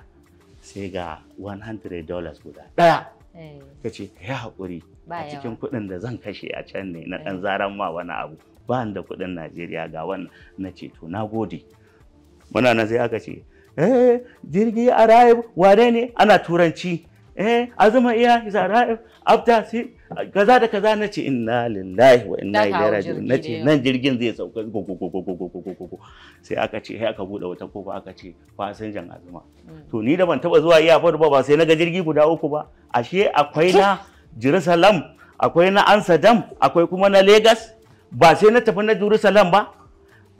sai ga 100 dollars guda daya eh. ta ce ka yi haƙuri a cikin kuɗin da zan kashe a can ne na ɗan eh. zaran ma wani abu ba da kuɗin najeriya ga wannan na ce to na gode muna nan sai aka ce eh jirgi a rayu ware ne ana turanci eh azuma iya zara abda si kaza da kaza nace inna lillahi wa inna ilaihi raji'un nace nan jirgin zai sauka sai aka ce sai aka bude wata kofa aka ce fasinjan azuma mm. to ni da ban taba zuwa iya fa ba sai naga jirgi guda uku ba ashe akwai na Jerusalem akwai na Amsterdam akwai kuma na Lagos ba sai na tafi na Jerusalem ba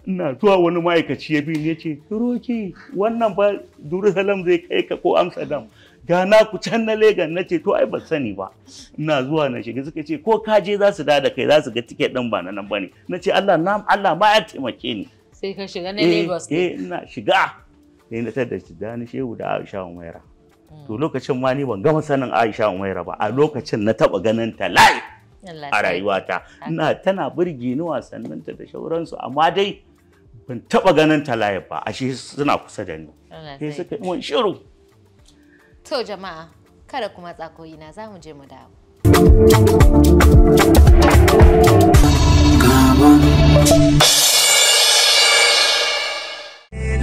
ina zuwa wani ma'aikaci ya bi ne ce roki wannan ba Jerusalem zai kai ka ko Amsterdam ga na ku can na Legas na ce to ai ba sani ba ina zuwa na shiga suka ce ko ka je za su da da kai za su ga tiket din ba na nan bane na ce Allah na Allah ma ya taimake ni sai ka shiga na eh, Lagos eh ina shiga sai na tada shi da ni shehu da Aisha Umaira to hmm. lokacin ma ni ban gama sanin Aisha Umaira ba a lokacin na taba ganin ta live a rayuwata ina tana burge ni ta da shauransu amma dai ban taba ganin ta live ba ashe suna kusa da ni sai suka yi shiru To jama'a kada kuma tsakoyina na, za mu je mu dawo.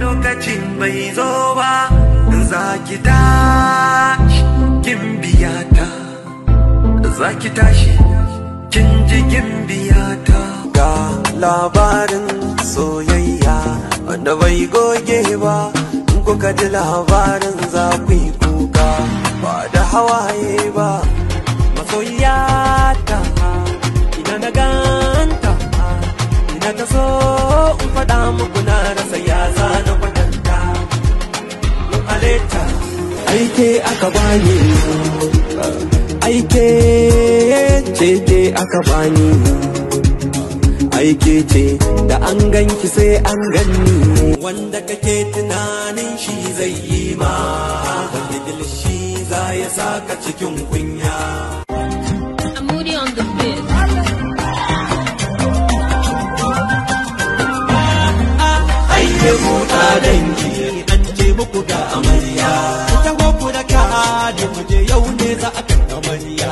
Lokacin bai zo ba za ki tashi kin biya za ki tashi kin ji kin ga labarin soyayya wanda bai goge ba kuka ji labarin za ku yi ba da hawaye ba masoyiya ta ina na ganta ina ta so in faɗa muku na rasa ya na kwatanta aleta aike aka bani aike ce ke aka bani aike ce da an ganki sai an ganni wanda kake tunanin shi zai yi ma wanda za ya saka cikin kunya. Aike buɗa dangi an ce muku ga amarya. Taho ku da kaɗe mu je yau ne za a kan amarya.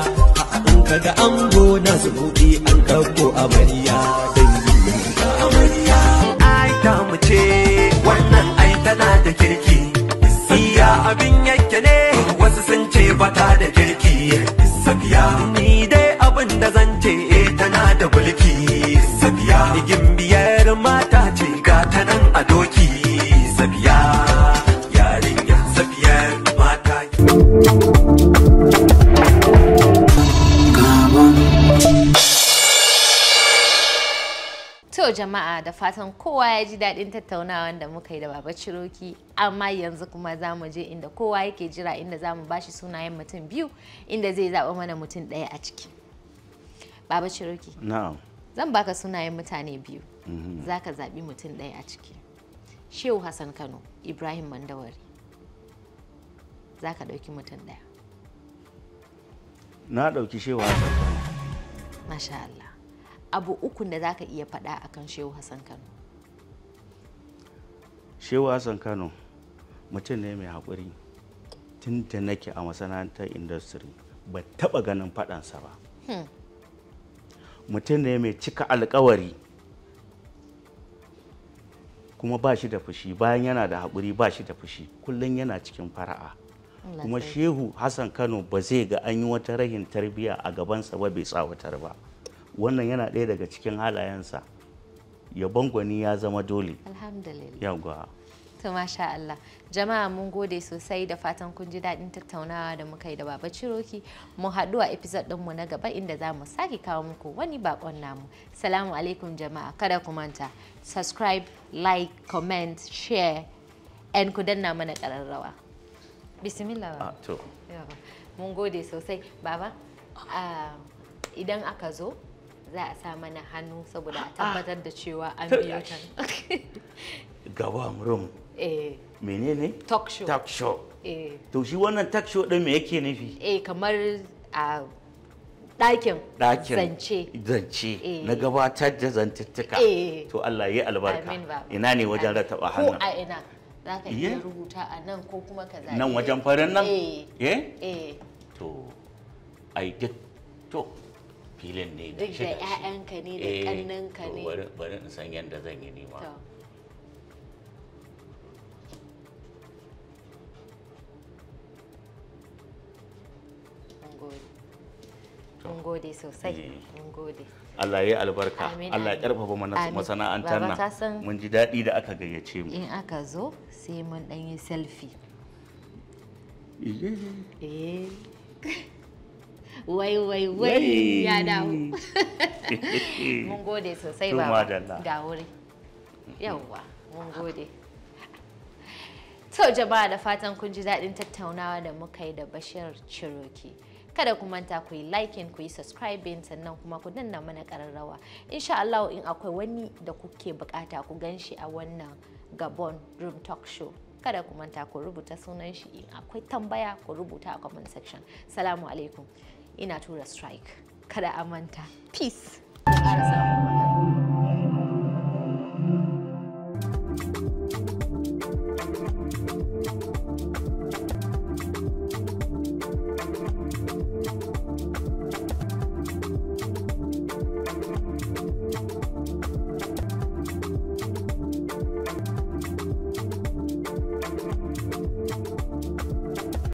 In ka ga ango na zubuɗi an ɗauko amarya. Dangi Ai ta mu ce wannan ai tana da kirki. Iya abin bata da kirki sabiya ni dai abin da zan ce eh, tana da bulki sabiya igin biyar mata jama'a da fatan kowa ya ji daɗin tattaunawan da muka yi da Baba Ciroki amma yanzu kuma za mu je inda kowa yake jira inda za mu bashi sunayen mutum biyu inda zai zaɓa mana mutum ɗaya a ciki. Baba Ciroki. Na'am. Zan baka sunayen mutane biyu. Mhm. Za ka zaɓi mutum ɗaya a ciki. Shehu Hassan Kano, Ibrahim Mandawari. Za ka ɗauki mutum ɗaya. Na ɗauki Shehu Hassan Kano. Masha Allah. abu ukun da za ka iya faɗa akan shehu hassan kano shehu hassan kano mutum ne mai haƙuri tun da nake a masana'antar industry ba taɓa ganin faɗansa ba hmm. mutum ne mai cika alkawari kuma ba shi da fushi bayan yana da haƙuri ba shi da fushi kullum yana cikin fara'a kuma shehu hassan kano ba zai ga an yi wata rahin tarbiyya a gabansa ba bai tsawatar ba wannan yana ɗaya daga cikin halayensa ya bangwani ya zama dole alhamdulillah masha Allah jama'a mun gode sosai da fatan kun ji daɗin tattaunawa da muka yi da baba ciroki mu haɗu a episode ɗinmu na gaba inda za mu sake kawo muku wani bakon namu salamu alaikum jama'a kada ku manta subscribe like comment share ɗan ku danna mana ƙararrawa bismillah ah, mun gode sosai baba ah, idan aka zo za a sa mana hannu saboda a ah. tabbatar da cewa an biyo ta gaba room eh menene talk show talk show eh to shi wannan talk show din me yake nufi eh kamar a ɗakin zance zance eh. na gabatar da zantuttuka eh. to Allah ya albarka ina ne wajen rataba hannun ko a ina za ka iya rubuta a nan ko kuma ka zaɓi nan wajen farin nan eh, eh? to ai duk to filin ne da shi da shi. ƴaƴanka ne da eh, ƙannanka ne bari bari in san yadda zan yi nima mun gode sosai eh. mun gode Allah ya albarka Allah ya karfafa masana'antar nan mun ji daɗi da aka gayyace mu in aka zo sai mun ɗan yi selfie eh, eh. wai wai wai ya dawo mun gode sosai ba ga wuri yawwa mun gode to jama'a da fatan kun ji daɗin tattaunawa da muka yi da bashir ciroki kada ku manta ku yi liking ku yi subscribing sannan kuma ku danna mana kararrawa insha Allah in akwai wani da kuke bukata ku gan shi a wannan Gabon Room Talk Show kada ku manta ku rubuta sunan shi in akwai tambaya ku rubuta a comment section salamu alaikum ina tura strike kada a manta peace